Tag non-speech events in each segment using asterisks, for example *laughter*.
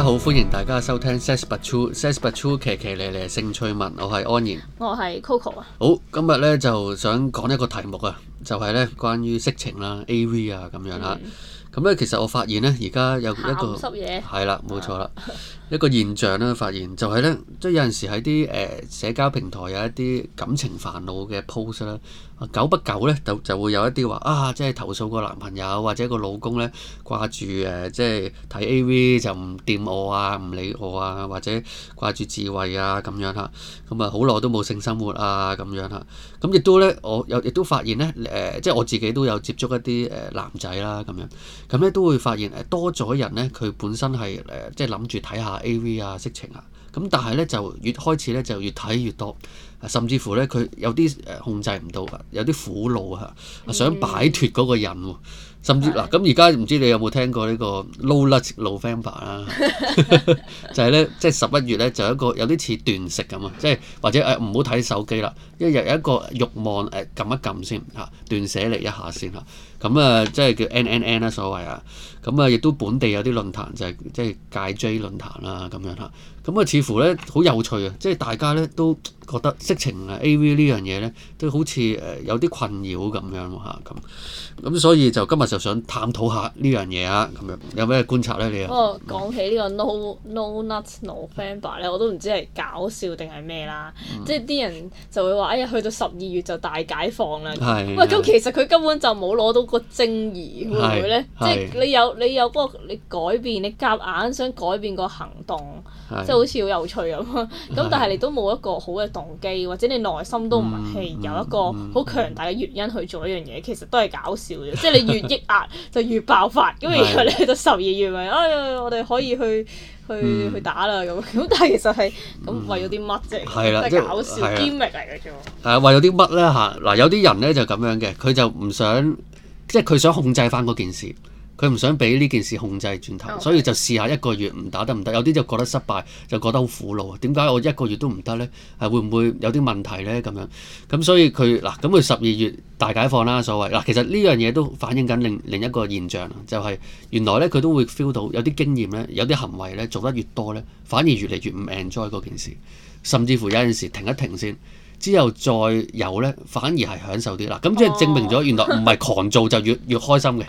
大家好，歡迎大家收聽《Says But True》，Says But True，騎騎咧咧性趣聞，我係安然，我係 Coco 啊。好，今日咧就想講一個題目啊，就係、是、咧關於色情啦、啊、A V 啊咁樣啦、啊。咁咧、嗯嗯、其實我發現咧，而家有一個系啦，冇錯啦。嗯 *laughs* 一個現象啦，發現就係、是、咧，即係有陣時喺啲誒社交平台有一啲感情煩惱嘅 post 啦，久不久咧就就會有一啲話啊，就是、啊，即係投訴個男朋友或者個老公咧掛住誒，即係睇 AV 就唔掂我啊，唔理我啊，或者掛住自慰啊咁樣吓，咁啊好耐都冇性生活啊咁樣吓，咁亦都咧我有亦都發現咧誒，即、呃、係、就是、我自己都有接觸一啲誒男仔啦咁樣，咁咧都會發現誒多咗人咧佢本身係誒即係諗住睇下。就是 A.V. 啊，色情啊，咁但係咧就越開始咧就越睇越多、啊，甚至乎咧佢有啲誒控制唔到噶，有啲苦惱啊，想擺脫嗰個癮、啊，甚至嗱咁而家唔知你有冇聽過呢個 Low Lust November 啦，就係咧即係十一月咧就有一個有啲似斷食咁啊，即係或者誒唔好睇手機啦，一日有一個慾望誒撳、哎、一撳先嚇、啊，斷捨離一下先嚇。啊咁啊，即係叫 N N N 啦，所謂啊。咁啊，亦都本地有啲論壇就係即係戒 J 論壇啦，咁樣嚇。咁啊，似乎咧好有趣啊！即係大家咧都覺得色情啊、A.V. 呢樣嘢咧，都好似誒有啲困擾咁樣吓，嚇咁。咁所以就今日就想探討下呢樣嘢啊。咁樣有咩觀察咧？你啊？不過講、嗯、起呢個 No Nut November 咧，我都唔知係搞笑定係咩啦。即係啲人就會話哎呀，去到十二月就大解放啦。喂、嗯，咁其實佢根本就冇攞到個正義是會唔會咧？即係你有你有嗰、那個你改變你夾硬，硬想改變個行動。是好似好有趣咁，咁但係你都冇一個好嘅動機，或者你內心都唔係有一個好強大嘅原因去做一樣嘢，其實都係搞笑嘅。即係你越抑壓就越爆發，咁 *laughs* 然後你咧就十二月咪哎我哋可以去去去打啦咁。咁但係其實係咁為咗啲乜啫？係啦、嗯，搞笑 game 嚟嘅啫。係為咗啲乜咧嚇？嗱、啊，有啲人咧就咁、是、樣嘅，佢就唔想即係佢想控制翻嗰件事。佢唔想俾呢件事控制轉頭，oh. 所以就試下一個月唔打得唔得。有啲就覺得失敗，就覺得好苦惱。點解我一個月都唔得呢？係會唔會有啲問題呢？咁樣咁，所以佢嗱，咁佢十二月大解放啦，所謂嗱，其實呢樣嘢都反映緊另另一個現象，就係原來呢，佢都會 feel 到有啲經驗呢，有啲行為呢，做得越多呢，反而越嚟越唔 enjoy 嗰件事，甚至乎有陣時停一停先。之後再有咧，反而係享受啲啦。咁即係證明咗，原來唔係狂做就越越開心嘅、 *laughs* 嗯。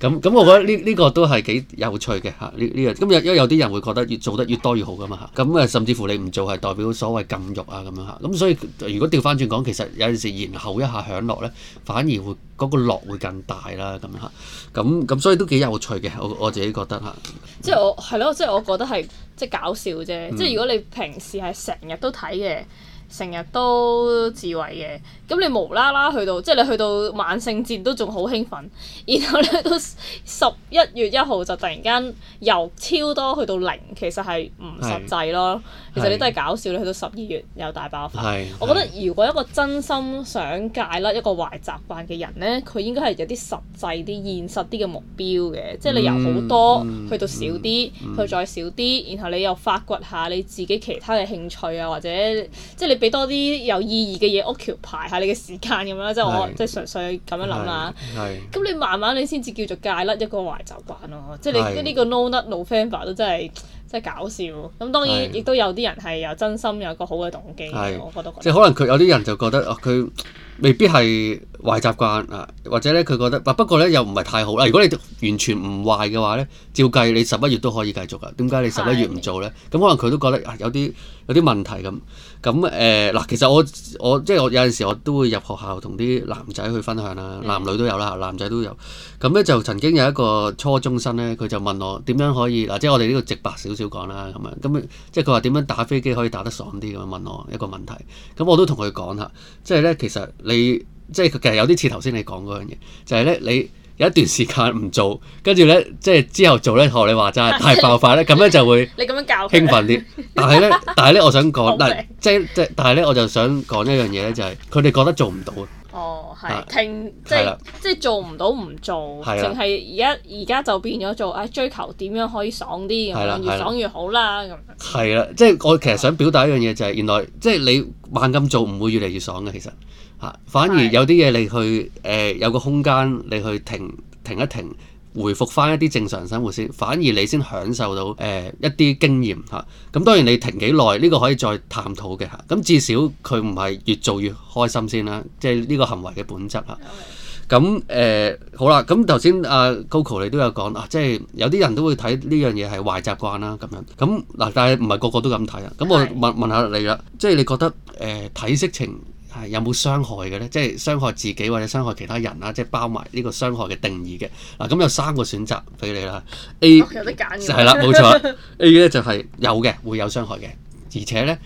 o 咁咁，嗯、我覺得呢、這、呢、個這個都係幾有趣嘅嚇。呢、這、呢個咁因因為有啲人會覺得越做得越多越好㗎嘛嚇。咁、嗯、啊，甚至乎你唔做係代表所謂禁欲啊咁樣嚇。咁所以如果調翻轉講，其實有陣時延後一下享樂咧，反而會嗰個樂會更大啦咁樣咁咁，所以都幾有趣嘅。我我自己覺得嚇。即係我係咯，即係我覺得係即係搞笑啫。即係如果你平時係成日都睇嘅。成日都自慰嘅，咁你無啦啦去到，即係你去到萬聖節都仲好興奮。然後咧到十一月一號就突然間由超多去到零，其實係唔實際咯。是其實你都係搞笑，是你去到十二月又大爆發。是我覺得如果一個真心想戒甩一個壞習慣嘅人咧，佢應該係有啲實際啲現實啲嘅目標嘅，即係你由好多去到少啲，嗯嗯、去到再少啲，嗯、然後你又發掘下你自己其他嘅興趣啊，或者即係你。俾多啲有意義嘅嘢 occupy 排下你嘅時間咁啦，即係我即係是純粹咁樣諗啦。咁你慢慢你先至叫做戒甩一個壞習慣咯。是即係你呢個 No Nut November 都真係真係搞笑。咁當然亦都有啲人係有真心有個好嘅動機是我覺得。即係、就是、可能佢有啲人就覺得啊，佢。未必係壞習慣啊，或者咧佢覺得，嗱不過咧又唔係太好啦。如果你完全唔壞嘅話咧，照計你十一月都可以繼續噶。點解你十一月唔做咧？咁是的、嗯、可能佢都覺得、啊、有啲有啲問題咁。咁誒嗱，其實我我即係我有陣時我都會入學校同啲男仔去分享啦，男女都有啦，男仔都有。咁、嗯、咧、嗯嗯嗯、就曾經有一個初中生咧，佢就問我點樣可以嗱，即係我哋呢個直白少少講啦，咁啊咁即係佢話點樣打飛機可以打得爽啲咁問我一個問題。咁、嗯、我都同佢講下，即係咧其實。你即係其實有啲似頭先你講嗰樣嘢，就係咧。你有一段時間唔做，跟住咧，即係之後做咧，學你話齋太爆發咧，咁樣就會你咁樣教興奮啲。但係咧，但係咧，我想講嗱，即係即但係咧，我就想講一樣嘢咧，就係佢哋覺得做唔到哦，係停，即係即係做唔到，唔做，淨係而家而家就變咗做誒追求點樣可以爽啲咁樣，越爽越好啦。咁係啦，即係我其實想表達一樣嘢，就係原來即係你慢咁做，唔會越嚟越爽嘅。其實。反而有啲嘢你去誒、呃、有個空間，你去停停一停，回復翻一啲正常生活先，反而你先享受到誒、呃、一啲經驗嚇。咁、啊、當然你停幾耐，呢、這個可以再探討嘅嚇。咁、啊、至少佢唔係越做越開心先啦、啊，即係呢個行為嘅本質嚇。咁、啊、誒、啊、好啦，咁頭先阿 Coco 你都有講啊，即係有啲人都會睇呢樣嘢係壞習慣啦咁樣。咁、啊、嗱，但係唔係個個都咁睇啊？咁我問是的 問下你啦，即係你覺得誒睇、呃、色情？係有冇傷害嘅呢？即係傷害自己或者傷害其他人啦、啊，即係包埋呢個傷害嘅定義嘅。嗱、啊，咁有三個選擇俾你啦。A、哦、有得揀㗎，係啦，冇錯。 *laughs* A 呢就係有嘅，會有傷害嘅，而且呢，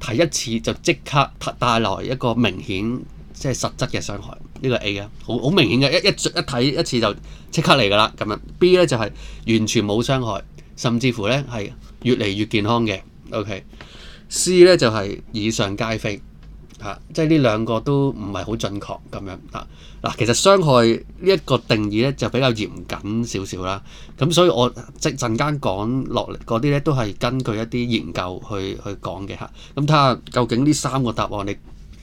睇一次就即刻帶來一個明顯即係實質嘅傷害。呢個 A 啊，好好明顯嘅，一一一睇一次就即刻嚟噶啦咁樣。B 呢就係、是、完全冇傷害，甚至乎呢係越嚟越健康嘅。OK。C 呢就係、是、以上皆非。啊，即係呢兩個都唔係好準確咁樣啊。嗱，其實傷害呢一個定義咧就比較嚴謹少少啦。咁所以我即陣間講落嚟嗰啲咧都係根據一啲研究去去講嘅吓。咁睇下究竟呢三個答案，你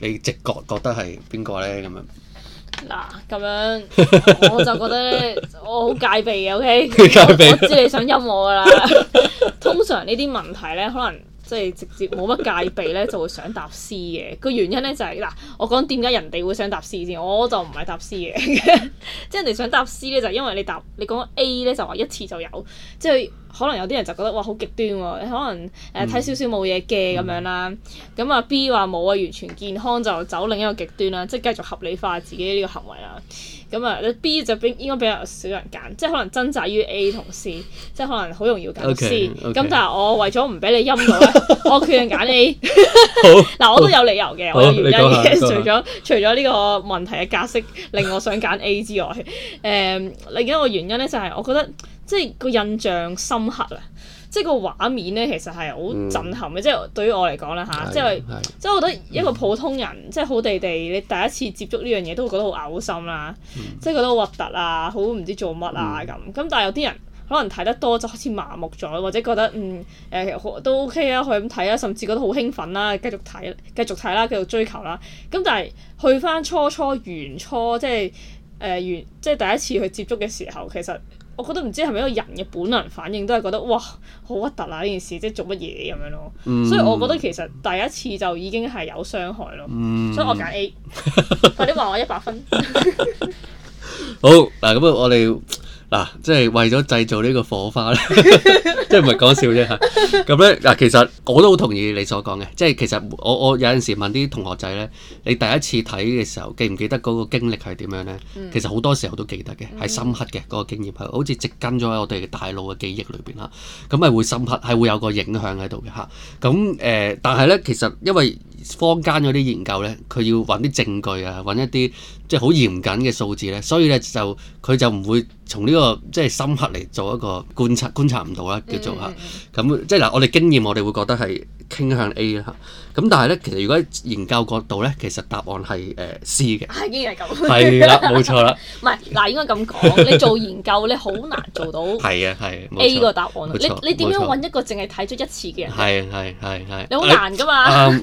你直覺覺得係邊個咧？咁樣嗱，咁樣我就覺得我好戒備嘅，OK？戒備，我知你想陰我噶啦。通常呢啲問題咧，可能。 *laughs* 即係直接冇乜戒備呢就會想搭 C 嘅個原因呢，就係、是、嗱，我講點解人哋會想搭 C 先，我就唔係搭 C 嘅。 *laughs* 即係人哋想搭 C 呢，就是、因為你搭你講 A 呢，就話一次就有，即係可能有啲人就覺得哇好極端喎，哦，你可能誒睇少少冇嘢嘅咁樣啦。咁啊、嗯、B 話冇啊，完全健康就走另一個極端啦，即係繼續合理化自己呢個行為啦。咁啊，你、嗯、B 就比應該比較少人揀，即係可能掙扎於 A 同 C，即係可能好容易揀 C。咁 Okay, okay. 但係我為咗唔俾你陰我咧， *laughs* 我決定揀 A。嗱 *laughs* *laughs* 好 *laughs* 我都有理由嘅，好我嘅原因嘅除咗了除咗呢個問題嘅格式令我想揀 A 之外，誒、嗯、另一個原因咧就係我覺得即係、就是、個印象深刻啊。即係個畫面咧，其實係好震撼嘅。嗯、即係對於我嚟講啦嚇，即係即係我覺得一個普通人，嗯、即係好地地，你第一次接觸呢樣嘢都會覺得好嘔心啦，嗯、即係覺得好核突啊，好唔知做乜啊咁。咁、嗯、但係有啲人可能睇得多就好似麻木咗，或者覺得嗯誒好、呃、都 OK 啊，可咁睇啊，甚至覺得好興奮啦，繼續睇，繼續睇啦，繼續追求啦。咁但係去翻初初、原初，即係誒原，即係第一次去接觸嘅時候，其實，其實其實其實我覺得唔知係咪一個人嘅本能反應都係覺得哇好核突呀呢件事即係做乜嘢咁樣咯，嗯、所以我覺得其實第一次就已經係有傷害咯，嗯、所以我揀 A 快啲話我一百分 *laughs* *laughs* 好嗱咁我哋。嗱、啊，即係為咗製造呢個火花咧， *laughs* 即係唔係講笑啫嚇。咁咧嗱，其實我都好同意你所講嘅，即係其實我我有陣時問啲同學仔咧，你第一次睇嘅時候記唔記得嗰個經歷係點樣咧？嗯、其實好多時候都記得嘅，係深刻嘅嗰、那個經驗，係好似植根咗喺我哋嘅大腦嘅記憶裏邊啦。咁咪會深刻，係會有個影響喺度嘅嚇。咁、啊、誒，但係咧，其實因為坊間嗰啲研究咧，佢要揾啲證據啊，揾一啲。即係好嚴謹嘅數字咧，所以咧就佢就唔會從呢、這個即係深刻嚟做一個觀察，觀察唔到啦叫做嚇。咁、嗯啊、即係嗱，我哋經驗，我哋會覺得係傾向 A 啦、啊。咁但係咧，其實如果研究角度咧，其實答案係誒 C 嘅。係，竟然係咁。係啦，冇錯啦。唔係，嗱，應該咁講，你做研究，你好難做到係啊，係 A 個答案。冇錯，冇錯。你點樣揾一個淨係睇咗一次嘅人？係啊，係啊，係啊。你好難噶嘛？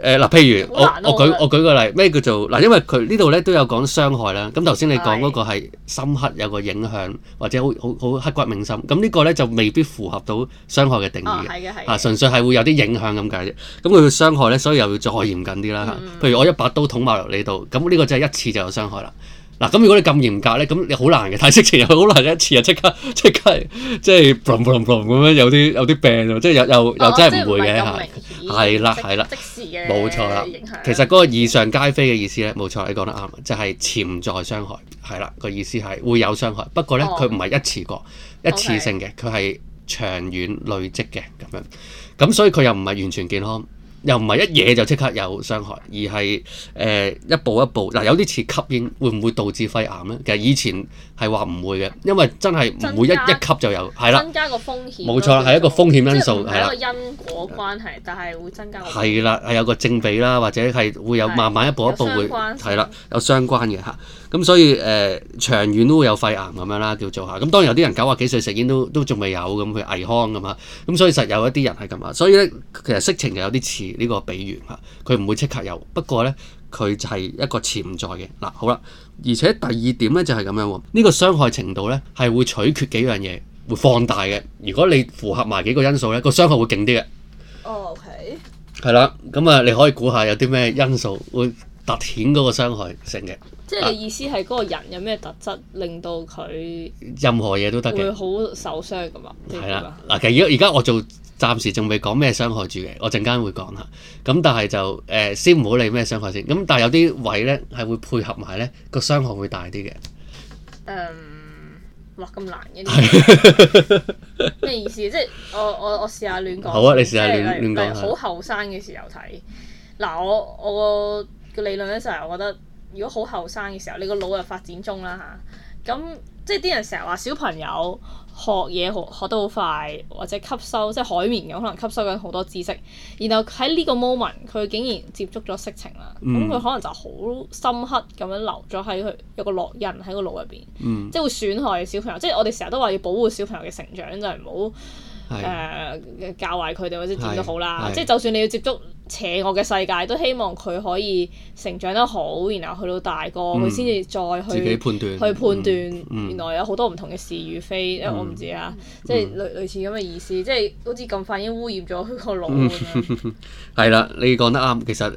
誒嗱，譬如我我舉我舉個例，咩叫做嗱？因為佢呢度咧都有講傷害啦。咁頭先你講嗰個係深刻有個影響，或者好好好刻骨銘心。咁呢個咧就未必符合到傷害嘅定義嘅。係嘅，係啊，純粹係會有啲影響咁解啫。咁佢嘅傷害咧，所以又要再嚴謹啲啦。嗯、譬如我一把刀捅埋落你度，咁呢個就係一次就有傷害啦。嗱、啊，咁如果你咁嚴格咧，咁你好難嘅，太色情又好難一次啊！即刻即刻即係 boom boom boom 咁樣有啲有啲病啊！即係又又又真係唔會嘅係係啦係啦，冇錯啦。其實嗰個異常皆非嘅意思咧，冇錯，你講得啱，就係、是、潛在傷害係啦。個意思係會有傷害，不過咧佢唔係一次過一次性嘅，佢係 okay. 長遠累積嘅咁樣。咁所以佢又唔係完全健康。又唔係一嘢就即刻有傷害，而係誒、呃、一步一步嗱、呃，有啲似吸煙，會唔會導致肺癌咧？其實以前係話唔會嘅，因為真係唔會一加一吸就有，係啦，增加個風險，冇錯，係一個風險因素，係啦，因果關係，了但係會增加係，係啦，係有個正比啦，或者係會有慢慢一步一步會係啦，有相關嘅嚇，咁所以誒、呃、長遠都會有肺癌咁樣啦，叫做嚇。咁當然有啲人九啊幾歲食煙都都仲未有咁，佢危康咁啊，咁所以實有一啲人係咁啊。所以咧，以其實色情又有啲似。呢個比喻嚇，佢唔會即刻有，不過呢，佢就係一個潛在嘅嗱。好啦，而且第二點呢，就係咁樣喎。呢個傷害程度呢，係會取決幾樣嘢，會放大嘅。如果你符合埋幾個因素呢，個傷害會勁啲嘅。哦，OK。係啦，咁啊，你可以估下有啲咩因素會凸顯嗰個傷害性嘅。即係你意思係嗰個人有咩特質令到佢任何嘢都得嘅。佢好受傷㗎嘛？係啦，嗱，其實而家我做。暫時仲未講咩傷害住嘅，我陣間會講下。咁但係就誒、呃、先唔好理咩傷害先。咁但係有啲位咧係會配合埋咧個傷害會大啲嘅。嗯，哇咁難嘅，咩是 *laughs* 意思？即係我我我試下亂講。試試亂講好啊，你試是下亂講。即好後生嘅時候睇。嗱，我我個理論咧就係我覺得，如果好後生嘅時候，你個腦又發展中啦吓，咁、啊、即係啲人成日話小朋友。學嘢好學，學得好快，或者吸收即係海綿咁，可能吸收緊好多知識。然後喺呢個 moment，佢竟然接觸咗色情啦，咁佢、嗯、可能就好深刻咁樣留咗喺佢有個烙印喺個腦入邊，嗯、即係會損害小朋友。即係我哋成日都話要保護小朋友嘅成長，就係唔好。誒教壞佢哋或者點都好啦，即係就算你要接觸邪惡嘅世界，都希望佢可以成長得好，然後去到大個，佢先至再去去判斷原來有好多唔同嘅是與非，我唔知啊，即係類類似咁嘅意思，即係好似咁快已經污染咗佢個腦。係啦，你講得啱，其實誒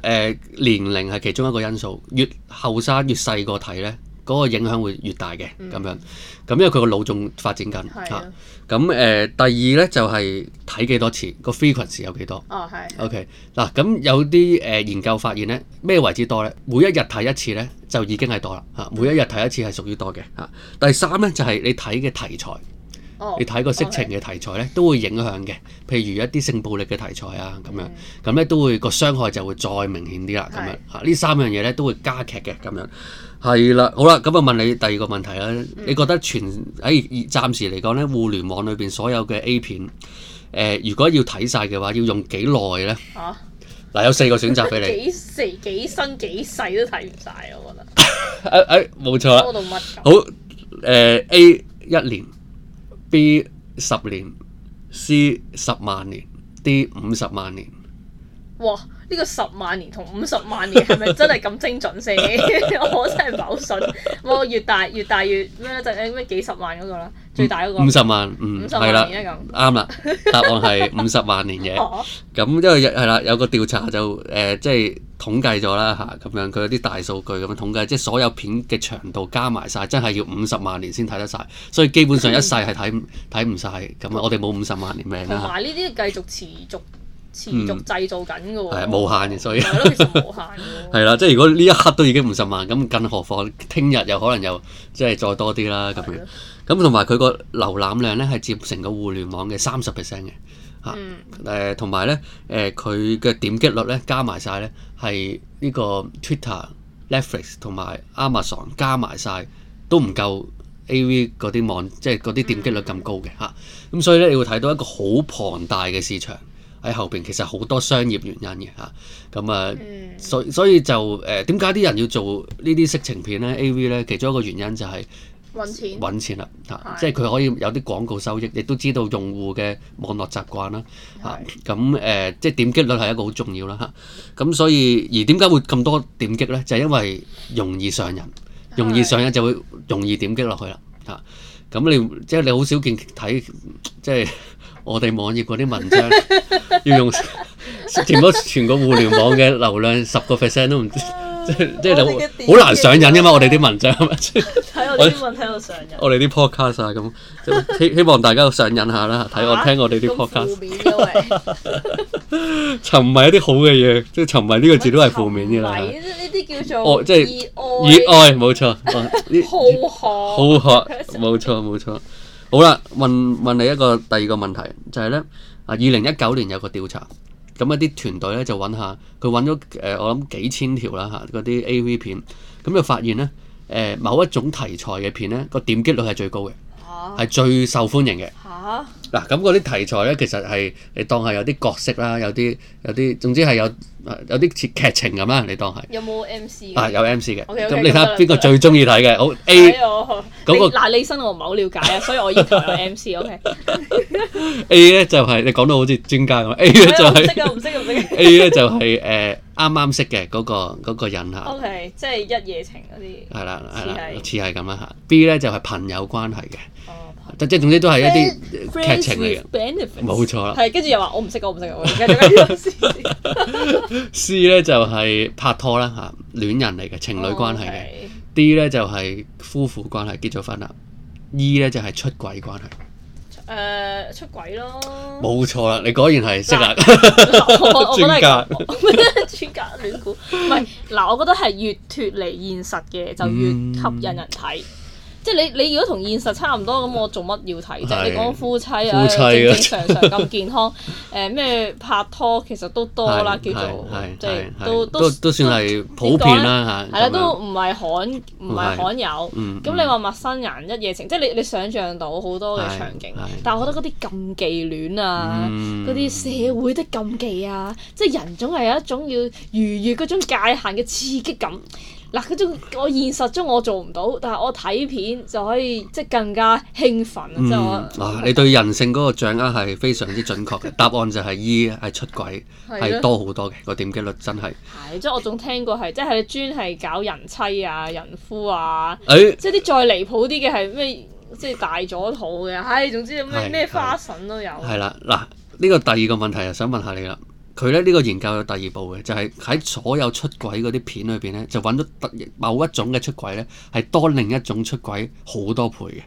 年齡係其中一個因素，越後生越細個睇咧。嗰個影響會越大嘅咁、嗯、樣，咁因為佢個腦仲發展緊嚇。咁誒的、啊呃，第二咧就係睇幾多次，個 frequency 有幾多。哦，係。O.K. 嗱、啊，咁有啲誒、呃、研究發現咧，咩為之多咧？每一日睇一次咧，就已經係多啦嚇、啊。每一日睇一次係屬於多嘅嚇、啊。第三咧就係、是、你睇嘅題材。你睇個色情嘅題材咧，都會影響嘅。譬如一啲性暴力嘅題材啊，咁樣咁咧、嗯、都會個傷害就會再明顯啲啦。咁樣嚇呢是、啊、三樣嘢咧都會加劇嘅。咁樣係啦，好啦，咁啊問你第二個問題啦。你覺得全喺、哎、暫時嚟講咧，互聯網裏邊所有嘅 A 片，誒、呃、如果要睇晒嘅話，要用幾耐咧？嚇嗱、啊啊，有四個選擇俾你。幾時幾生幾世都睇唔晒，我覺得。誒誒、 *laughs* 哎，冇、哎、錯。好誒，A 一年。B 十年，C 十萬年，D 五十萬年。哇！呢個十萬年同五十萬年係咪真係咁精準先？ *laughs* *laughs* 我真係唔係好信。哇，越大越大越咩咧？就咩幾十萬嗰、那個啦，最大嗰、那個五十萬，五、嗯、十萬年啱啦。了 *laughs* 答案係五十萬年嘅。咁 *laughs* 因為係啦，有個調查就誒、呃，即係統計咗啦嚇，咁樣佢有啲大數據咁統計，即係所有片嘅長度加埋晒，真係要五十萬年先睇得晒。所以基本上一世係睇睇唔晒。咁啊！ *laughs* 我哋冇五十萬年命啦。同埋呢啲繼續持續。持續製造緊嘅喎，無限嘅，所以係其實無限嘅。係啦， *laughs* *laughs* 即係如果呢一刻都已經五十萬，咁更何況聽日又可能又即係再多啲啦咁樣。咁同埋佢個瀏覽量呢係佔成個互聯網嘅三十 percent 嘅嚇，誒同埋呢，誒佢嘅點擊率呢，加埋晒呢，係呢個 Twitter、Netflix 同埋 Amazon 加埋晒，都唔夠 AV 嗰啲網即係嗰啲點擊率咁高嘅嚇。咁、嗯嗯啊、所以呢，你會睇到一個好龐大嘅市場。喺後邊其實好多商業原因嘅嚇，咁啊，所以所以就誒點解啲人要做呢啲色情片咧 AV 咧？其中一個原因就係揾錢，揾錢啦嚇，是即係佢可以有啲廣告收益，亦都知道用戶嘅網絡習慣啦嚇，咁誒是、啊嗯呃、即係點擊率係一個好重要啦嚇，咁、啊、所以而點解會咁多點擊咧？就係、是、因為容易上癮，容易上癮就會容易點擊落去啦嚇，咁你是、啊嗯嗯、即係你好少見睇即係。我哋網頁嗰啲文章要用全咗全個互聯網嘅流量十個 percent 都唔知，即即係好難上癮噶嘛？我哋啲文章睇我啲睇我上癮。我哋啲 podcast 啊，咁希希望大家上癮下啦，睇我聽我哋啲 podcast。沉迷一啲好嘅嘢，即係沉迷呢個字都係負面嘅啦。呢啲叫做即係熱愛，熱愛冇錯，好學好學冇錯冇錯。好啦，問問你一個第二個問題，就係、是、呢。啊，二零一九年有個調查，咁一啲團隊呢就揾下，佢揾咗誒我諗幾千條啦嚇，嗰啲 A V 片，咁就發現呢、呃，某一種題材嘅片呢個點擊率係最高嘅，係、啊、最受歡迎嘅。嗱、啊，咁嗰啲題材呢，其實係你當係有啲角色啦，有啲有啲，總之係有。有啲似劇情咁啊！你當係有冇 M C 啊？有 M C 嘅咁，你睇下邊個最中意睇嘅好 A。睇嗱，你身我唔係好了解，所以我要求 M C O K A 咧就係你講到好似專家咁。A 咧就係識唔識又識。A 咧就係誒啱啱識嘅嗰個嗰個人啊。O K，即係一夜情嗰啲係啦，係啦，似係咁啦嚇。B 咧就係朋友關係嘅。即即總之都係一啲劇情嚟嘅，冇 with 錯啦。係跟住又話我唔識，我唔識，C 咧就係、是、拍拖啦，嚇戀人嚟嘅情侶關係嘅。Oh, okay. D 咧就係、是、夫婦關係結咗婚啦。E 咧就係、是、出軌關係。誒、呃、出軌咯，冇錯啦！你果然係識啦，我我覺得係專家，專家戀股唔係嗱，我覺得係格 *laughs* 越脱離現實嘅就越吸引人睇。嗯即係你你如果同現實差唔多咁，我做乜要睇啫？你講夫妻啊，正正常常咁健康，誒咩拍拖其實都多啦，叫做即係都都都算係普遍啦係啦，都唔係罕唔係罕有。咁你話陌生人一夜情，即係你你想象到好多嘅場景，但係我覺得嗰啲禁忌戀啊，嗰啲社會的禁忌啊，即係人總係有一種要逾越嗰種界限嘅刺激感。嗱，嗰種我現實中我做唔到，但係我睇片就可以即係更加興奮。即係我，你對人性嗰個掌握係非常之準確嘅。答案就係 E 係出軌係多好多嘅個點擊率真係。係即係我仲聽過係即係專係搞人妻啊人夫啊。誒，即係啲再離譜啲嘅係咩？即係大咗肚嘅，唉，總之咩咩花臣都有。係啦，嗱，呢個第二個問題啊，想問下你啦。佢咧呢、這個研究有第二步嘅，就係、是、喺所有出軌嗰啲片裏邊呢，就揾到特某一種嘅出軌呢，係多另一種出軌好多倍嘅。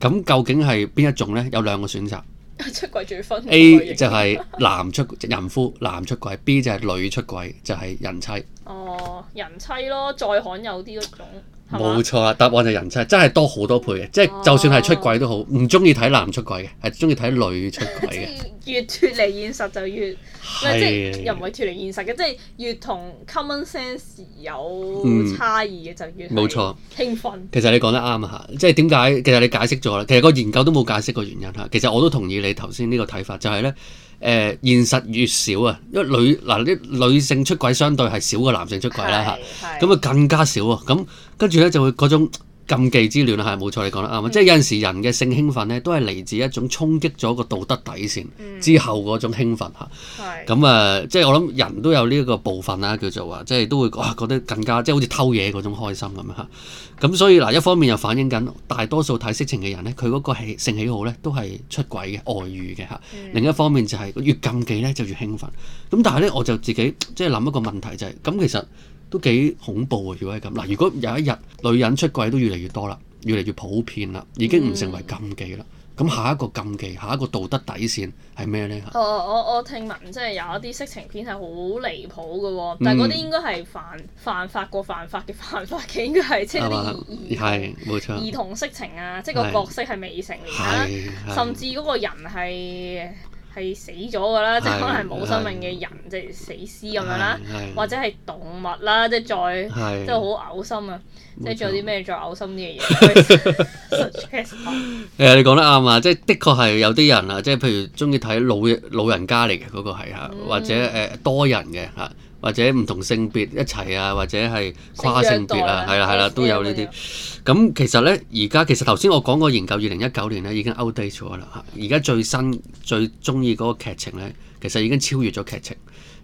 咁究竟係邊一種呢？有兩個選擇。 *laughs* 出軌最分 A 就係男出人 *laughs* 夫男出軌，B 就係女出軌就係、是、人妻。哦，人妻咯，再罕有啲嗰種。冇錯啊！答案就係人妻，真係多好多倍嘅，啊、即係就算係出軌都好，唔中意睇男出軌嘅，係中意睇女出軌嘅。 *laughs* 越脫離現實就越是即係又唔會脫離現實嘅，即係越同 common sense 有差異嘅、嗯、就越冇興奮。錯其實你講得啱啊，即係點解？其實你解釋咗啦，其實個研究都冇解釋個原因嚇。其實我都同意你頭先呢個睇法，就係、是、咧。誒、呃、現實越少啊，因為女嗱啲、呃、女性出軌相對係少過男性出軌啦嚇，咁啊更加少啊。咁跟住咧就會嗰種。禁忌之戀啊，係冇錯，你講得啱，即係有陣時人嘅性興奮咧，都係嚟自一種衝擊咗個道德底線之後嗰種興奮嚇。咁啊，即係我諗人都有呢一個部分啦，叫做話，即係都會覺得更加即係好似偷嘢嗰種開心咁啊！咁、啊、所以嗱，一方面又反映緊大多數睇色情嘅人咧，佢嗰個性喜好咧，都係出軌嘅外遇嘅嚇。啊嗯、另一方面就係越禁忌咧就越興奮。咁、啊、但係咧，我就自己即係諗一個問題就係、是，咁其實。都幾恐怖啊，如果係咁嗱，如果有一日女人出軌都越嚟越多啦，越嚟越普遍啦，已經唔成為禁忌啦。咁、嗯、下一個禁忌，下一個道德底線係咩咧？哦，我我聽聞即係有一啲色情片係好離譜㗎喎、哦，但係嗰啲應該係犯犯法過犯法嘅犯法嘅，應該係即係啲兒兒童色情啊，是即係個角色係未成年是甚至嗰個人係。係死咗噶啦，即係可能係冇生命嘅人，即係死屍咁樣啦，或者係動物啦，即係再即係好嘔心啊！即係仲有啲咩再嘔心啲嘅嘢。誒，你講得啱啊！即係的確係有啲人啊，即係譬如中意睇老老人家嚟嘅嗰個係嚇，嗯、或者誒、呃、多人嘅嚇。或者唔同性別一齊啊，或者係跨性別啊，係啦係啦，啊啊、都有呢啲。咁其實呢，而家其實頭先我講過研究二零一九年呢已經 outdate 咗啦嚇。而家最新最鍾意嗰個劇情呢，其實已經超越咗劇情，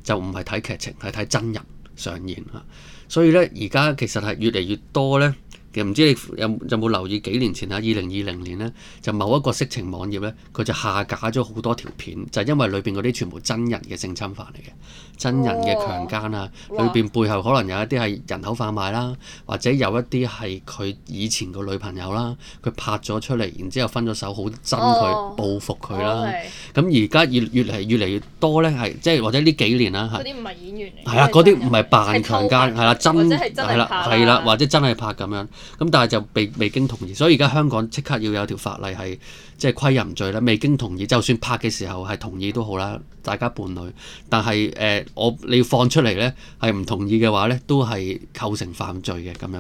就唔係睇劇情，係睇真人上演嚇。所以呢，而家其實係越嚟越多呢。其實唔知你有有冇留意幾年前啊？二零二零年咧，就某一個色情網頁咧，佢就下架咗好多條片，就因為裏邊嗰啲全部真人嘅性侵犯嚟嘅，真人嘅強奸啊，裏邊背後可能有一啲係人口販賣啦，或者有一啲係佢以前個女朋友啦，佢拍咗出嚟，然之後分咗手，好憎佢，報復佢啦、哦。咁而家越來越嚟越嚟越多咧，係即係或者呢幾年啦，嗰啲唔係演員嚟，係啊，嗰啲唔係扮強奸，係啦，真係啦、啊啊，係啦、啊，或者真係拍咁樣。咁但係就未未經同意，所以而家香港即刻要有條法例係即係窺淫罪啦，未經同意，就算拍嘅時候係同意都好啦，大家伴侶，但係誒、呃、我你放出嚟呢係唔同意嘅話呢，都係構成犯罪嘅咁樣。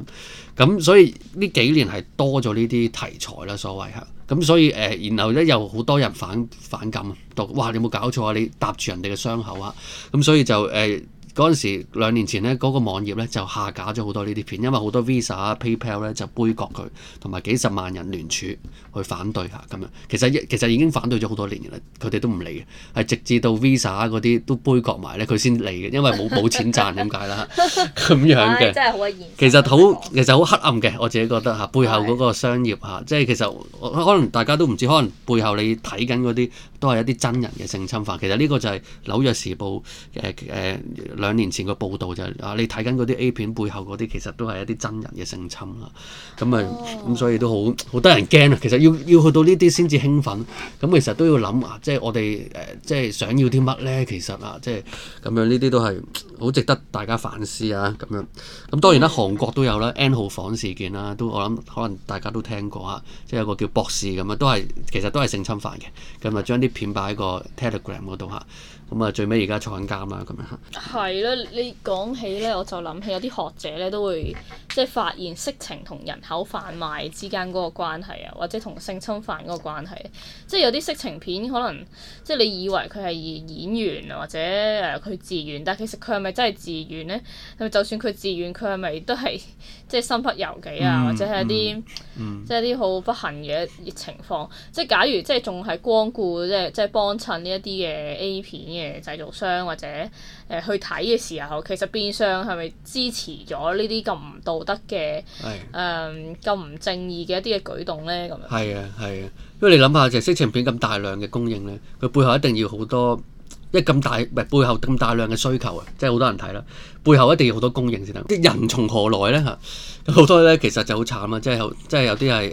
咁、嗯、所以呢幾年係多咗呢啲題材啦，所謂嚇。咁、嗯、所以誒、呃，然後呢又好多人反反感，話哇！你有冇搞錯啊？你搭住人哋嘅傷口啊？咁、嗯、所以就誒。呃嗰陣時兩年前呢，嗰、嗰個網頁呢就下架咗好多呢啲片，因為好多 Visa、PayPal 呢就杯葛佢，同埋幾十萬人聯署去反對下咁樣。其實其實已經反對咗好多年嘅啦，佢哋都唔理嘅，係直至到 Visa 嗰啲都杯葛埋呢，佢先嚟嘅，因為冇冇 *laughs* 錢賺點解啦？咁 *laughs* 樣嘅，其實好其實好黑暗嘅，我自己覺得嚇背後嗰個商業嚇，即係 *laughs* 其實可能大家都唔知，可能背後你睇緊嗰啲都係一啲真人嘅性侵犯。其實呢個就係紐約時報誒誒、呃呃呃兩年前個報導就啊、係，你睇緊嗰啲 A 片背後嗰啲，其實都係一啲真人嘅性侵啦。咁、嗯、啊，咁、嗯嗯、所以都好好得人驚啊。其實要要去到呢啲先至興奮。咁、嗯、其實都要諗啊，即係我哋誒、呃，即係想要啲乜咧？其實啊，即係咁樣呢啲都係好值得大家反思啊。咁樣咁、嗯、當然啦，韓、啊、國都有啦，N 號房事件啦，都我諗可能大家都聽過啊。即係有個叫博士咁啊，都係其實都係性侵犯嘅，咁、嗯、啊將啲片擺喺個 Telegram 嗰度嚇。咁啊，最尾而家坐緊監啊，咁樣嚇。係啦，你講起咧，我就諗起有啲學者咧都會即係發現色情同人口販賣之間嗰個關係啊，或者同性侵犯嗰個關係啊。即係有啲色情片可能即係你以為佢係演員啊，或者誒佢自願，但其實佢係咪真係自願呢？係咪就算佢自願，佢係咪都係即係身不由己啊？嗯、或者係啲、嗯、即係啲好不幸嘅情況。嗯、即係假如即係仲係光顧即係即係幫襯呢一啲嘅 A 片嘅製造商或者誒、呃、去睇嘅時候，其實變相係咪支持咗呢啲咁唔道德嘅誒咁唔正義嘅一啲嘅舉動咧？咁樣係啊，係啊，因為你諗下就係色情片咁大量嘅供應咧，佢背後一定要好多一咁大係背後咁大量嘅需求啊，即係好多人睇啦，背後一定要好多供應先得，即人從何來咧嚇？好多咧，其實就好慘啦！即係有，即係有啲係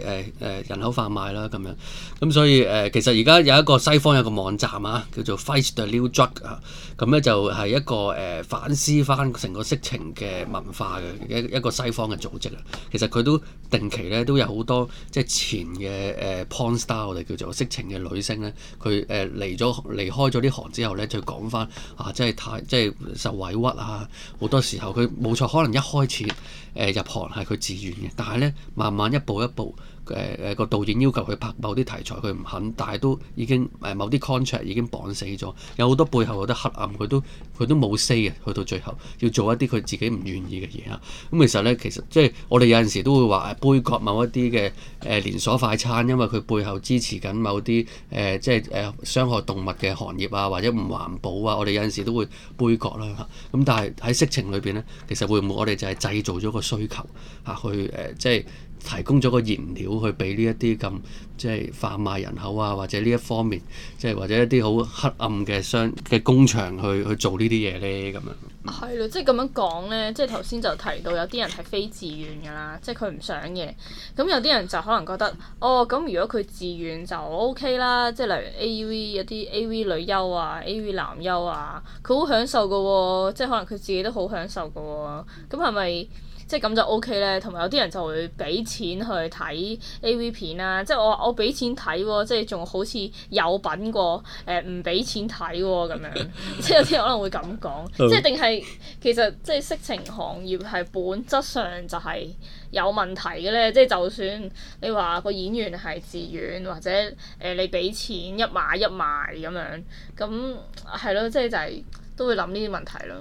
誒誒人口販賣啦咁樣。咁所以誒、呃，其實而家有一個西方有個網站啊，叫做 Fight the New Drug 啊。咁咧、嗯、就係、是、一個誒、呃、反思翻成個色情嘅文化嘅一個一個西方嘅組織啦。其實佢都定期咧都有好多即係前嘅誒、呃、porn star 我哋叫做色情嘅女星咧，佢誒、呃、離咗離開咗啲行之後咧，就講翻啊，即係太即係受委屈啊！好多時候佢冇錯，可能一開始誒、呃、入行係佢自願嘅，但係咧慢慢一步一步。誒誒、呃、個導演要求佢拍某啲題材，佢唔肯，但係都已經誒、呃、某啲 contract 已經綁死咗，有好多背後好多黑暗，佢都佢都冇 say 嘅。去到最後要做一啲佢自己唔願意嘅嘢啊。咁其實咧，其實，其實即係我哋有陣時都會話杯葛某一啲嘅誒連鎖快餐，因為佢背後支持緊某啲誒、呃、即係誒、呃、傷害動物嘅行業啊，或者唔環保啊。我哋有陣時都會杯葛啦。咁、嗯、但係喺色情裏邊咧，其實會唔會我哋就係製造咗個需求嚇、啊、去誒、呃、即係？提供咗個燃料去俾呢一啲咁即係販賣人口啊，或者呢一方面，即係或者一啲好黑暗嘅商嘅工場去去做呢啲嘢咧，咁樣。係咯，即係咁樣講咧，即係頭先就提到有啲人係非自願㗎啦，即係佢唔想嘅。咁有啲人就可能覺得，哦咁如果佢自願就 OK 啦，即係例如 A V 一啲 A V 女優啊，A V 男優啊，佢好享受嘅喎，即係可能佢自己都好享受嘅喎，咁係咪？即係咁就 O K 咧，同埋有啲人就會俾錢去睇 A V 片啦、啊。即係我我俾錢睇喎、哦，即係仲好似有品過誒，唔、呃、俾錢睇咁、哦、樣。即係有啲人可能會咁講， *laughs* 即係定係其實即係色情行業係本質上就係有問題嘅咧。即係就算你話個演員係自願或者誒、呃、你俾錢一買一賣咁樣，咁係咯，即係就係、是、都會諗呢啲問題咯。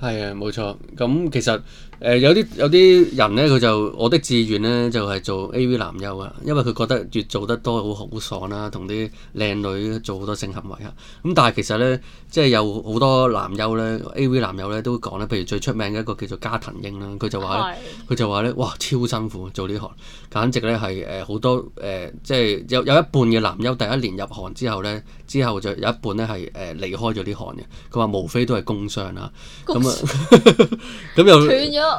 係啊、哎，冇錯。咁其實。誒、呃、有啲有啲人咧，佢就我的志願咧就係、是、做 A.V. 男優啊，因為佢覺得越做得多好好爽啦，同啲靚女做好多性行為啊。咁但係其實咧，即、就、係、是、有好多男優咧，A.V. 男優咧都會講咧，譬如最出名嘅一個叫做加藤鷹啦，佢就話咧，佢就話咧，哇，超辛苦做呢行，簡直咧係誒好多誒，即係有有一半嘅男優第一年入行之後咧，之後就有一半咧係誒離開咗呢行嘅。佢話無非都係工傷啦，咁啊，咁又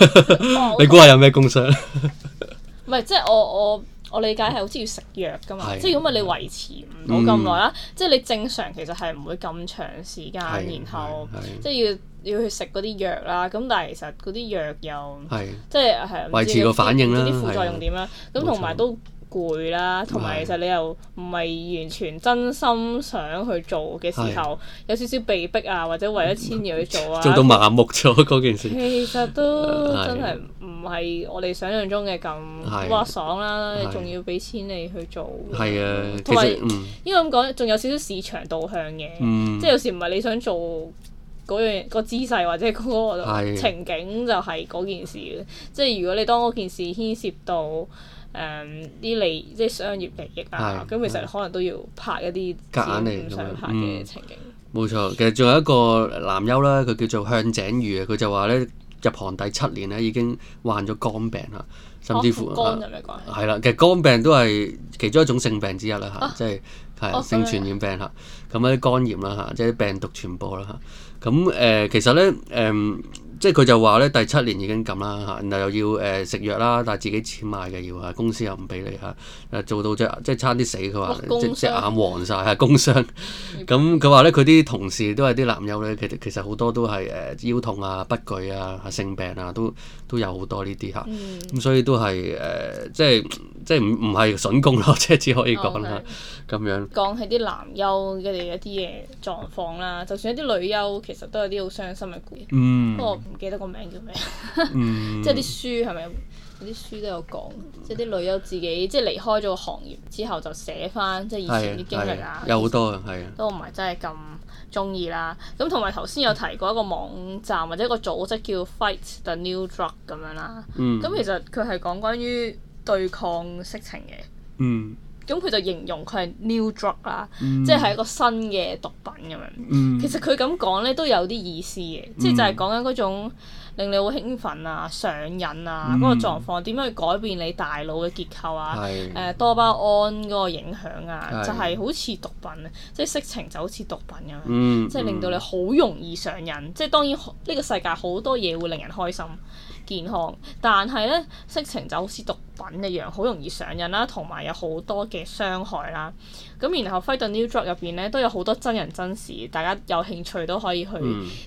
*laughs* 你估下有咩功效唔係？即係我我我理解係好似要食藥噶嘛，的即係如果咪你維持唔到咁耐啦，嗯、即係你正常其實係唔會咁長時間，的然後即係要要去食嗰啲藥啦。咁但係其實嗰啲藥又即係係維持個反應啦，啲副作用點啦，咁同埋都。攰啦，同埋其實你又唔係完全真心想去做嘅時候，的有少少被逼啊，或者為咗錢而去做啊，做到麻木咗嗰件事。其實都真係唔係我哋想象中嘅咁話爽啦，啊，你仲的要俾錢你去做。係啊的，同埋有、嗯、因為咁講，仲有少少市場導向嘅，嗯、即係有時唔係你想做嗰樣，嗰個姿勢或者嗰個情景就係嗰件事的的即係如果你當嗰件事牽涉到。誒啲利即係商業利益啊，咁其實可能都要拍一啲夾硬嚟拍嘅情景。冇、嗯、錯，其實仲有一個男優啦，佢叫做向井裕啊，佢就話咧入行第七年咧已經患咗肝病啦，甚至乎、哦、肝係啦、啊，其實肝病都係其中一種性病之一啦嚇，即係係性傳染病嚇，咁啊啲肝炎啦嚇，即係病毒傳播啦嚇，咁、啊、誒、啊呃、其實咧誒。嗯嗯呃嗯嗯即係佢就話咧，第七年已經噉啦嚇，然後又要誒、呃、食藥啦，但係自己錢買嘅要啊，公司又唔俾你嚇，做到隻即係差啲死，佢話即隻眼黃晒，啊工傷。咁佢話咧，佢啲、嗯、同事都係啲男優咧，其實其實好多都係誒腰痛啊、不舉啊、性病啊，都都有好多呢啲嚇。咁、嗯、所以都係誒、呃，即係即係唔唔係筍工咯，即係只可以講啦咁樣。講起啲男優嘅一啲嘢狀況啦，就算一啲女優其實都有啲好傷心嘅故事不過。嗯嗯唔記得個名叫咩， *laughs* 即係啲書係咪？啲書都有講，即係啲女優自己即係離開咗個行業之後，就寫翻即係以前啲經歷啊，有好多嘅，係啊，都唔係真係咁中意啦。咁同埋頭先有提過一個網站或者一個組織叫 Fight the New Drug 咁樣啦。咁、嗯、其實佢係講關於對抗色情嘅。嗯咁佢就形容佢係 new drug 啦，即係一個新嘅毒品咁樣。其實佢咁講咧都有啲意思嘅，即係就係講緊嗰種令你好興奮啊、上癮啊嗰個狀況，點樣去改變你大腦嘅結構啊，誒多巴胺嗰個影響啊，就係好似毒品，即係色情就好似毒品咁樣，即係令到你好容易上癮。即係當然呢個世界好多嘢會令人開心、健康，但係咧色情就好似毒品。品一樣好容易上癮啦，同埋有好多嘅傷害啦。咁然後《Fight the New Drug》入邊呢，都有好多真人真事，大家有興趣都可以去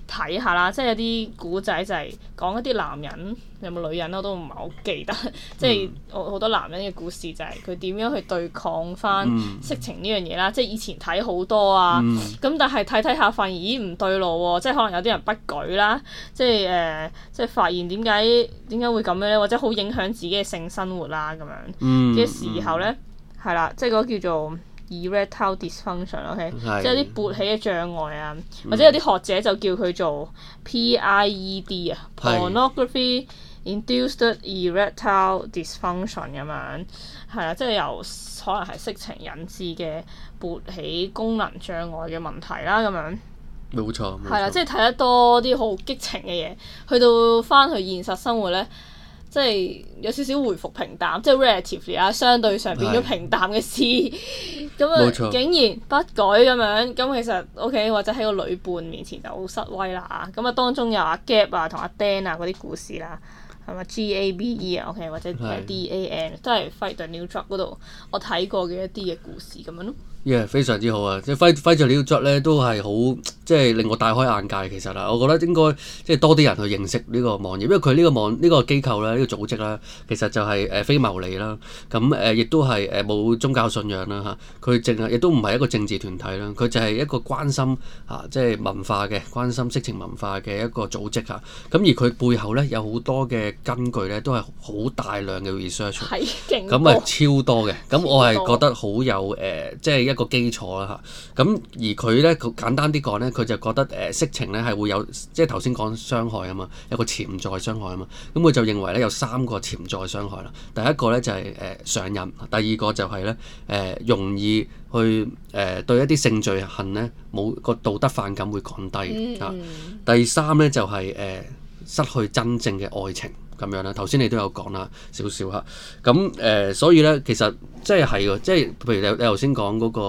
睇下啦。嗯、即係有啲古仔就係講一啲男人有冇女人我都唔係好記得。嗯、即係我好多男人嘅故事就係佢點樣去對抗翻色情呢樣嘢啦。嗯、即係以前睇好多啊，咁、嗯、但係睇睇下發現,發現咦唔對路喎、哦。即係可能有啲人不舉啦，即係誒、呃，即係發現點解點解會咁樣呢？或者好影響自己嘅性生活。啦咁樣，嘅、嗯、時候咧，係啦、嗯，即係嗰叫做 erectile dysfunction，OK，、okay? 是即係啲勃起嘅障礙啊，嗯、或者有啲學者就叫佢做 PIED 啊，pornography 是 induced erectile dysfunction 咁樣，係啦，即係由可能係色情引致嘅勃起功能障礙嘅問題啦、啊，咁樣冇錯，係啦，即係睇得多啲好激情嘅嘢，去到翻去現實生活咧。即係有少少回復平淡，即係 relative 而家相對上變咗平淡嘅事，咁啊竟然不改咁樣，咁、嗯、其實 OK 或者喺個女伴面前就好失威啦嚇，咁啊、嗯、當中有阿 g、啊、a b 啊同阿 Dan 啊嗰啲故事啦，係咪 G A B E 啊 OK 或者 D A N 是 都係 Fight the New d r u 嗰度我睇過嘅一啲嘅故事咁樣咯。Yeah, 非常之好啊！即係揮揮著呢個 job 咧，都係好即係令我大開眼界。其實啊，我覺得應該即係多啲人去認識呢個網頁，因為佢呢個網呢、呢個機構咧，呢、呢個組織啦，其實就係誒非牟利啦。咁誒亦都係誒冇宗教信仰啦嚇。佢政亦都唔係一個政治團體啦，佢就係一個關心啊即係文化嘅、關心色情文化嘅一個組織嚇。咁、啊、而佢背後咧有好多嘅根據咧，都係好大量嘅 research，係咁啊超多嘅。咁、嗯、我係覺得好有誒、呃，即係一個基礎啦嚇，咁、啊、而佢咧，簡單啲講咧，佢就覺得誒色情咧係會有，即係頭先講傷害啊嘛，一個潛在傷害啊嘛。咁佢就認為咧有三個潛在傷害啦。第一個咧就係、是、誒、呃、上癮，第二個就係咧誒容易去誒、呃、對一啲性罪行咧冇個道德反感會降低啊。第三咧就係、是、誒、呃、失去真正嘅愛情。咁樣啦、啊，頭先你都有講啦，少少嚇。咁、啊、誒，所以咧，其實即係係喎，即係譬如你你頭先講嗰個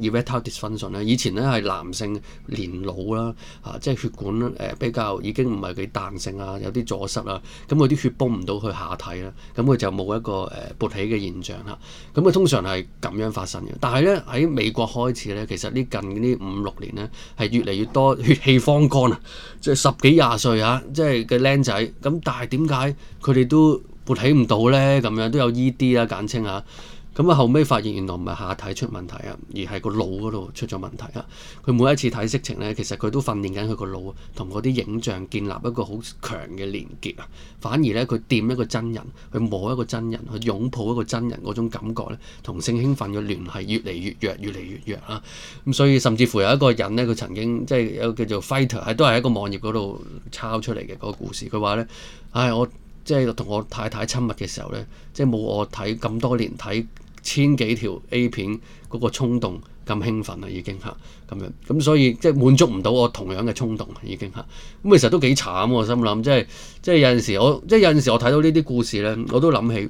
erectile dysfunction 咧，以前咧係男性年老啦，嚇、啊，即係血管誒、呃、比較已經唔係幾彈性啊，有啲阻塞啊，咁佢啲血泵唔到去下體咧，咁佢就冇一個誒勃、呃、起嘅現象嚇。咁、啊、佢通常係咁樣發生嘅。但係咧喺美國開始咧，其實呢近呢五六年咧係越嚟越多血氣方剛啊，即係十幾廿歲嚇，即係嘅僆仔。咁、啊、但係點解？佢哋都勃起唔到呢，咁樣都有 ED 啦，簡稱嚇、啊。咁啊後尾發現原來唔係下體出問題啊，而係個腦嗰度出咗問題啊。佢每一次睇色情呢，其實佢都訓練緊佢個腦同嗰啲影像建立一個好強嘅連結啊。反而呢，佢掂一個真人，佢摸一個真人，佢擁抱一個真人嗰種感覺呢，同性興奮嘅聯繫越嚟越弱，越嚟越弱啦、啊。咁所以甚至乎有一個人呢，佢曾經即係有叫做 fighter，都係一個網頁嗰度抄出嚟嘅嗰個故事。佢話呢，唉，我即係同我太太親密嘅時候呢，即係冇我睇咁多年睇千幾條 A 片嗰個衝動咁興奮啦，已經吓咁樣，咁所以即係滿足唔到我同樣嘅衝動已經吓咁，其實都幾慘，我心諗即係即係有陣時我即係、就是、有陣時我睇到呢啲故事呢，我都諗起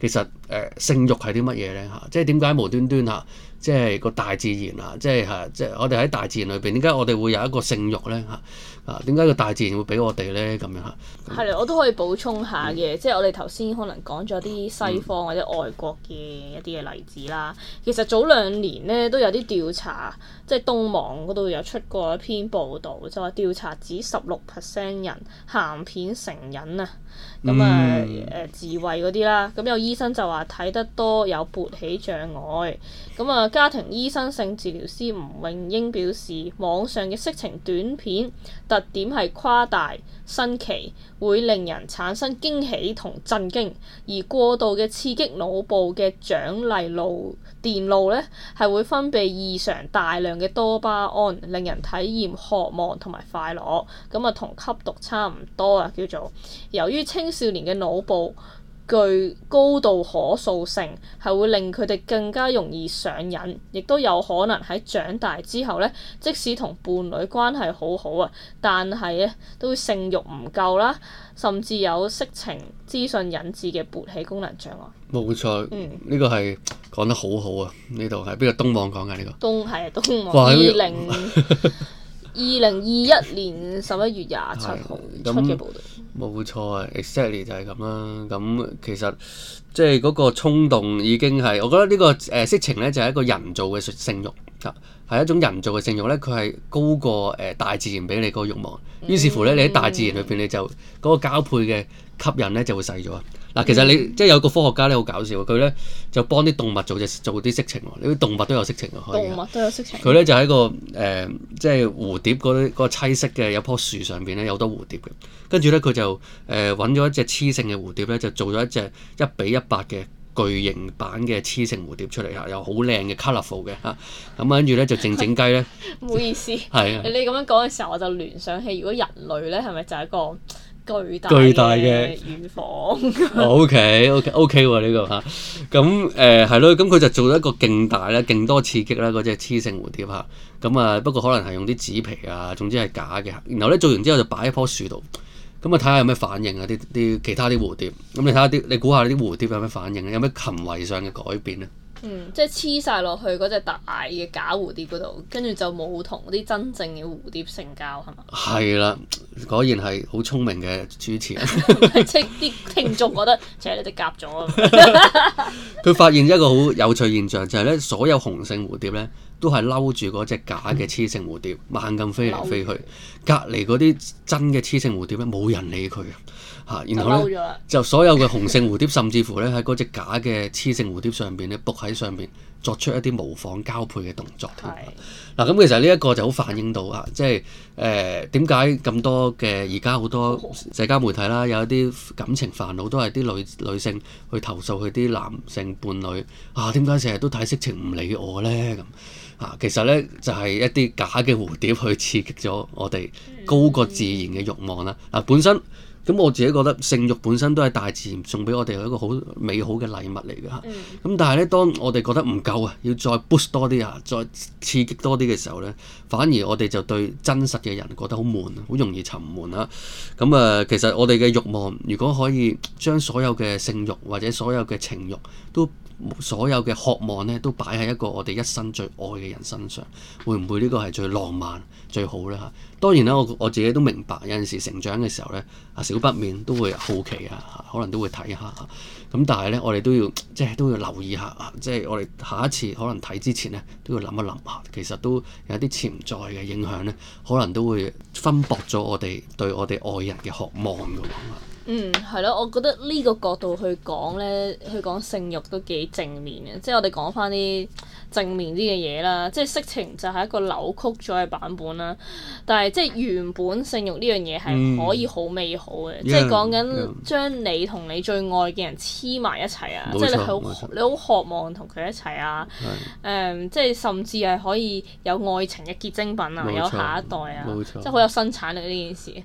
其實誒、呃、性欲係啲乜嘢呢？吓，即係點解無端端吓？即係個大自然啊！即係嚇，即係我哋喺大自然裏邊，點解我哋會有一個性欲咧嚇？啊，點解個大自然會俾我哋咧咁樣嚇？係啊，我都可以補充下嘅，嗯、即係我哋頭先可能講咗啲西方或者外國嘅一啲嘅例子啦。嗯、其實早兩年咧都有啲調查，即係東網嗰度有出過一篇報導，就話調查指十六 percent 人鹹片成癮啊。咁啊誒、嗯、自慰嗰啲啦，咁有醫生就話睇得多有勃起障礙，咁啊～家庭醫生性治療師吳永英表示，網上嘅色情短片特點係誇大新奇，會令人產生驚喜同震驚，而過度嘅刺激腦部嘅獎勵路電路呢，係會分泌異常大量嘅多巴胺，令人體驗渴望同埋快樂。噉咪，同吸毒差唔多呀，叫做由於青少年嘅腦部。具高度可塑性，係會令佢哋更加容易上癮，亦都有可能喺長大之後咧，即使同伴侶關係好好啊，但係咧都會性慾唔夠啦，甚至有色情資訊引致嘅勃起功能障礙。冇錯錯，嗯、呢個係講得好好啊！呢度係邊個東網講嘅呢個？東係東網李 *laughs* 二零二一年十一月廿七號出嘅報道，冇錯、 *laughs* 嗯、exactly 就係咁啦。咁、嗯、其實即係嗰個衝動已經係，我覺得呢、這個誒、呃、色情呢，就係、是、一個人造嘅性慾，係一種人造嘅性慾呢佢係高過誒、呃、大自然俾你嗰個慾望。於是乎呢，你喺大自然裏邊、嗯、你就嗰、那個交配嘅吸引呢就會細咗。嗱，其實你即係有個科學家咧，好搞笑，佢咧就幫啲動物做隻做啲色情喎，啲動物都有色情喎，動物都有色情。佢咧就喺個誒、呃，即係蝴蝶嗰啲、嗰個棲息嘅有樖樹上邊咧，有好多蝴蝶嘅，跟住咧佢就誒揾咗一隻雌性嘅蝴蝶咧，就做咗一隻一比一百嘅巨型版嘅雌性蝴蝶出嚟嚇，又好靚嘅 colorful 嘅嚇，咁跟住咧就靜靜雞咧，唔 *laughs* 好意思，係啊 *laughs* 的，你咁樣講嘅時候，我就聯想起如果人類咧，係咪就係一個？巨大嘅乳房 *laughs* okay, okay, okay、啊。O K O K O K 喎呢個嚇，咁誒係咯，咁、嗯、佢、嗯嗯嗯就是、就做咗一個勁大啦，勁多刺激啦，嗰隻雌性蝴蝶嚇，咁啊不過可能係用啲紙皮啊，總之係假嘅。然後咧做完之後就擺喺棵樹度，咁啊睇下有咩反應啊啲啲其他啲蝴蝶，咁你睇下啲，你估下啲蝴蝶有咩反應咧、啊？有咩行為上嘅改變咧、啊？嗯，即係黐晒落去嗰隻大嘅假蝴蝶嗰度，跟住就冇同嗰啲真正嘅蝴蝶性交係嘛？係啦，果然係好聰明嘅主持人。 *laughs* 即啲聽眾覺得請你哋夾咗佢 *laughs* *laughs* 發現一個好有趣現象，就係、是、咧所有雄性蝴蝶咧都係嬲住嗰隻假嘅雌性蝴蝶，猛咁飛嚟飛去，隔離嗰啲真嘅雌性蝴蝶咧冇人理佢。嚇，然後咧就所有嘅雄性蝴蝶， *laughs* 甚至乎咧喺嗰隻假嘅雌性蝴蝶上邊咧卜喺上邊作出一啲模仿交配嘅動作。嗱是，咁、啊嗯、其實呢一個就好反映到啊，即係誒點解咁多嘅而家好多社交媒體啦，有一啲感情煩惱都係啲女女性去投訴佢啲男性伴侶啊，點解成日都睇色情唔理我咧咁？啊，其實呢，就係一啲假嘅蝴蝶去刺激咗我哋高過自然嘅慾望啦。嗱，本身咁我自己覺得性慾本身都係大自然送俾我哋一個好美好嘅禮物嚟嘅。咁但係呢，當我哋覺得唔夠啊，要再 boost 多啲啊，再刺激多啲嘅時候呢，反而我哋就對真實嘅人覺得好悶，好容易沉悶啦。咁啊，其實我哋嘅慾望，如果可以將所有嘅性慾或者所有嘅情慾都所有嘅渴望咧，都擺喺一個我哋一生最愛嘅人身上，會唔會呢個係最浪漫、最好呢？嚇，當然啦，我我自己都明白，有陣時成長嘅時候呢，啊少不免都會好奇啊，可能都會睇下嚇。咁但係呢，我哋都要即係都要留意下，即係我哋下一次可能睇之前呢，都要諗一諗嚇。其實都有一啲潛在嘅影響呢，可能都會分薄咗我哋對我哋愛人嘅渴望㗎。嗯，係咯，我覺得呢個角度去講咧，去講性欲都幾正面嘅，即係我哋講翻啲。正面啲嘅嘢啦，即係色情就係一個扭曲咗嘅版本啦。但係即係原本性欲呢樣嘢係可以好美好嘅，即係講緊將你同你最愛嘅人黐埋一齊啊！即係你好你好渴望同佢一齊啊！誒，即係甚至係可以有愛情嘅結晶品啊，有下一代啊，即係好有生產力呢件事，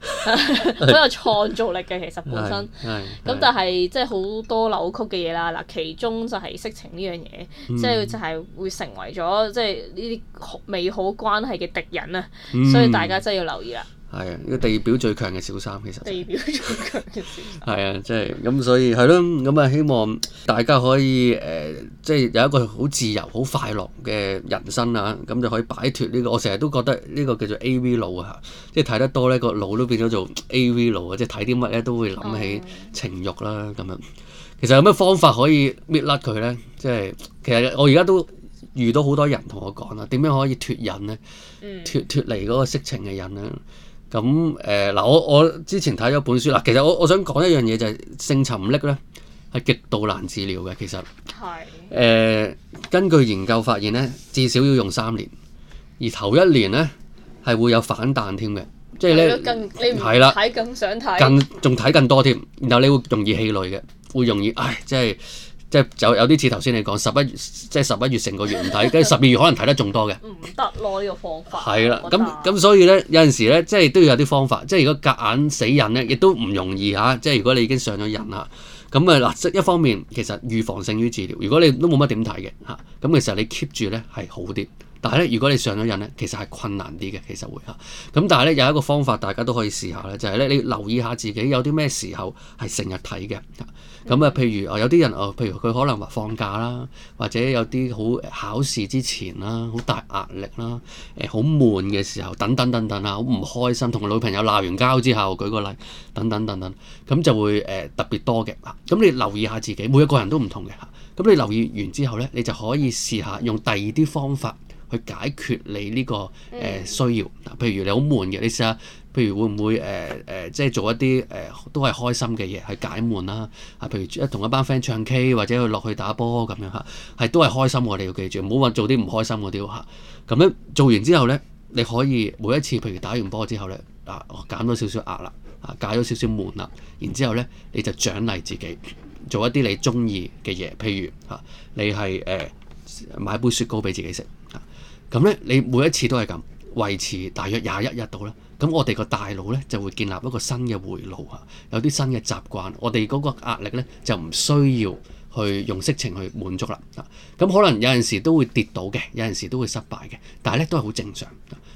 好有創造力嘅其實本身。咁但係即係好多扭曲嘅嘢啦，嗱，其中就係色情呢樣嘢，即係就係會。成為咗即係呢啲美好關係嘅敵人啊！嗯、所以大家真係要留意啦。係啊，呢個地表最強嘅小三其實、就係、地表最強嘅小三係啊，即係咁，所以係咯，咁啊，希望大家可以誒、呃，即係有一個好自由、好快樂嘅人生啊！咁就可以擺脱呢、呢個。我成日都覺得呢個叫做 A V 佬啊，即係睇得多呢個腦都變咗做 A V 佬啊！即係睇啲乜咧都會諗起情慾啦咁、嗯、樣。其實有咩方法可以搣甩佢咧？即係其實我而家都。遇到好多人同我講啦，點樣可以脱癮呢？脱脱、嗯、離嗰個色情嘅人呢？咁誒嗱，我我之前睇咗本書啦，其實我我想講一樣嘢就係、是、性沉溺呢係極度難治療嘅。其實係誒，根據研究發現呢至少要用三年，而頭一年呢係會有反彈添嘅，即係你係啦，睇更想睇，仲睇更多添，然後你會容易氣餒嘅，會容易唉，即係。即係就有啲似頭先你講十一月，即係十一月成個月唔睇，跟住十二月可能睇得仲多嘅。唔得咯，呢個方法。係啦，咁咁所以咧，有陣時咧，即係都要有啲方法。即係如果夾硬死人咧，亦都唔容易嚇、啊。即係如果你已經上咗人啦，咁啊嗱，一方面其實預防勝於治療。如果你都冇乜點睇嘅嚇，咁、啊、其實你 keep 住咧係好啲。但係咧，如果你上咗癮咧，其實係困難啲嘅。其實會嚇咁，但係咧有一個方法，大家都可以試下咧，就係咧你留意下自己有啲咩時候係成日睇嘅咁啊。譬如啊，有啲人啊，譬如佢可能話放假啦，或者有啲好考試之前啦，好大壓力啦，好悶嘅時候等等等等啊，好唔開心，同女朋友鬧完交之後，舉個例等等等等，咁就會誒特別多嘅。咁你留意下自己，每一個人都唔同嘅嚇。咁你留意完之後咧，你就可以試下用第二啲方法。去解決你呢、這個誒、呃、需要，嗱，譬如你好悶嘅，你試下，譬如會唔會誒誒、呃呃，即係做一啲誒、呃、都係開心嘅嘢去解悶啦，啊，譬如一同一班 friend 唱 K 或者去落去打波咁樣嚇，係都係開心。我哋要記住，唔好話做啲唔開心嗰啲嚇。咁、啊、樣做完之後咧，你可以每一次譬如打完波之後咧，啊，減多少少壓啦，啊，解咗少少悶啦，然之後咧你就獎勵自己做一啲你中意嘅嘢，譬如嚇、啊，你係誒、啊、買一杯雪糕俾自己食。咁咧，你每一次都係咁維持大約廿一日到啦。咁我哋個大腦咧就會建立一個新嘅迴路啊，有啲新嘅習慣。我哋嗰個壓力咧就唔需要去用色情去滿足啦。咁可能有陣時都會跌倒嘅，有陣時都會失敗嘅，但係咧都係好正常。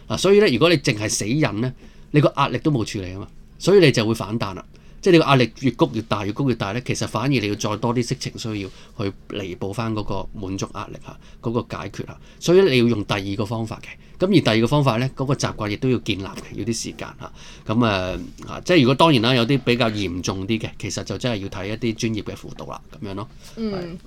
嗱，所以咧如果你淨係死忍咧，你個壓力都冇處理啊嘛，所以你就會反彈啦。即係你個壓力越谷越大，越谷越大咧，其實反而你要再多啲色情需要去彌補返嗰個滿足壓力嚇，嗰個解決嚇，所以你要用第二個方法嘅。咁而第二個方法呢，嗰、那個習慣亦都要建立，要啲時間嚇。咁、啊、誒啊、啊，即係如果當然啦，有啲比較嚴重啲嘅，其實就真係要睇一啲專業嘅輔導啦，咁樣咯。嗯，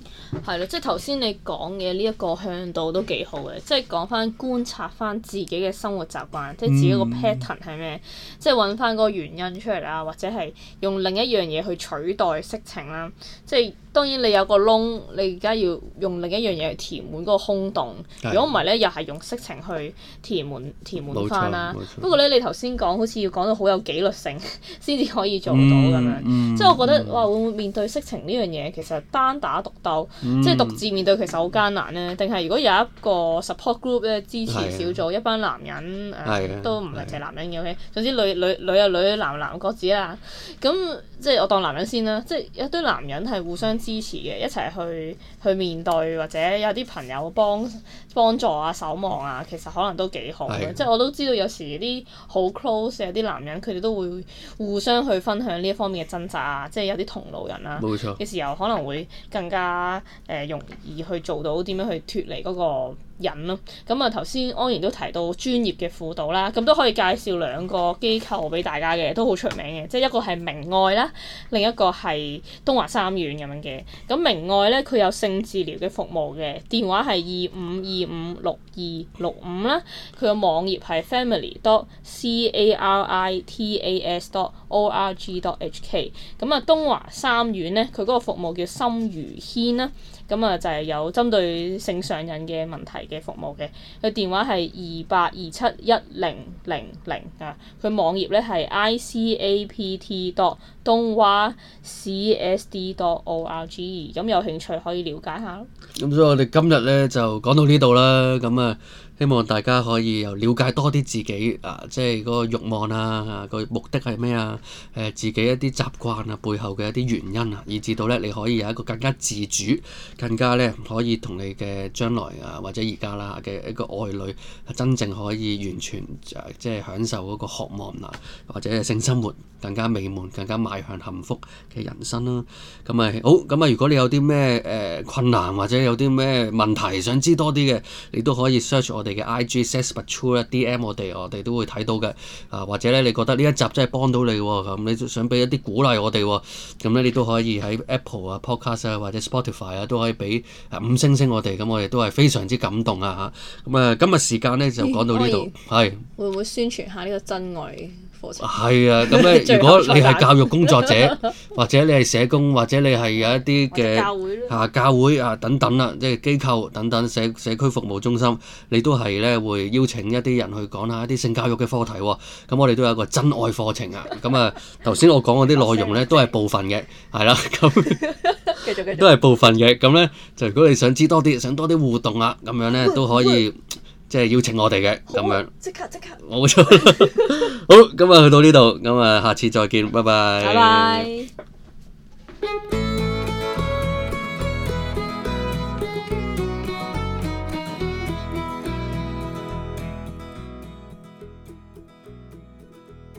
係咯是，即係頭先你講嘅呢一個向度都幾好嘅，即係講翻觀察翻自己嘅生活習慣，嗯、即係自己個 pattern 係咩，即係揾翻嗰個原因出嚟啊，或者係用另一樣嘢去取代色情啦。即係當然你有個窿，你而家要用另一樣嘢去填滿嗰個空洞，如果唔係呢，又係用色情去。填滿填滿翻啦、啊，不過咧你頭先講好似要講到好有紀律性先至 *laughs* 可以做到咁樣，嗯嗯、即係我覺得、嗯、哇會唔會面對色情呢樣嘢其實單打獨鬥、嗯、即係獨自面對其實好艱難呢定係如果有一個 support group 咧支持小組的一班男人、呃、的都唔係淨係男人嘅，的嗯、總之女女女又女，女男，男，男男各自啦、啊，咁、嗯、即係我當男人先啦，即係一堆男人係互相支持嘅，一齊去去面對或者有啲朋友幫幫助啊守望啊，其實可能。都幾好嘅，的即係我都知道有時啲好 close 嘅啲男人，佢哋都會互相去分享呢一方面嘅掙扎啊，即係有啲同路人啦、啊，嘅錯時候可能會更加誒、呃、容易去做到點樣去脫離嗰、那個。人咯，咁啊頭先安然都提到專業嘅輔導啦，咁都可以介紹兩個機構俾大家嘅，都好出名嘅，即係一個係明愛啦，另一個係東華三院咁樣嘅。咁明愛呢，佢有性治療嘅服務嘅，電話係二五二五六二六五啦，佢個網頁係 family dot c a r i t a s dot org dot h k。咁啊東華三院呢，佢嗰個服務叫心如軒啦。咁啊，就係有針對性上癮嘅問題嘅服務嘅。佢電話係二八二七一零零零啊。佢網頁咧係 i c a p t dot 東華 c s d dot o r g。咁有興趣可以了解下。咁所以我哋今日咧就講到呢度啦。咁啊～希望大家可以又了解多啲自己啊，即係個慾望啊，個、啊、目的係咩啊？誒、呃、自己一啲習慣啊，背後嘅一啲原因啊，以至到咧你可以有一個更加自主，更加咧可以同你嘅將來啊，或者而家啦嘅一個愛侶真正可以完全誒、啊，即係享受嗰個渴望啊，或者性生活更加美滿，更加邁向幸福嘅人生啦、啊。咁啊，好，咁啊，如果你有啲咩誒困難，或者有啲咩問題想知多啲嘅，你都可以 search 我哋。你嘅 IG says but true DM 我哋，我哋都會睇到嘅。啊，或者咧，你覺得呢一集真係幫到你喎、哦，咁你想俾一啲鼓勵我哋喎、哦，咁咧你都可以喺 Apple 啊、Podcast 啊或者 Spotify 啊都可以俾五星星我哋，咁我哋都係非常之感動啊嚇。咁啊，今日時間咧就講到呢度，係、呃、是會唔會宣傳下呢個真愛？係啊，咁、嗯、咧最後 如果你係教育工作者， *laughs* 或者你係社工，或者你係有一啲嘅教、啊、教會啊等等啦、啊，即係機構等等社社區服務中心，你都係咧會邀請一啲人去講下一啲性教育嘅課題、哦。咁、嗯嗯嗯嗯、我哋 *laughs* 都有一個真愛課程啊。咁啊頭先我講嗰啲內容咧都係部分嘅，係、嗯、啦，咁都係部分嘅。咁咧就如果你想知多啲，想多啲互動啊，咁樣咧都可以。 *laughs* 即係邀請我哋嘅咁樣，即刻即刻，冇錯。 *laughs* 好，咁啊，去到呢度，咁啊，下次再見，拜拜 *laughs* bye。拜拜。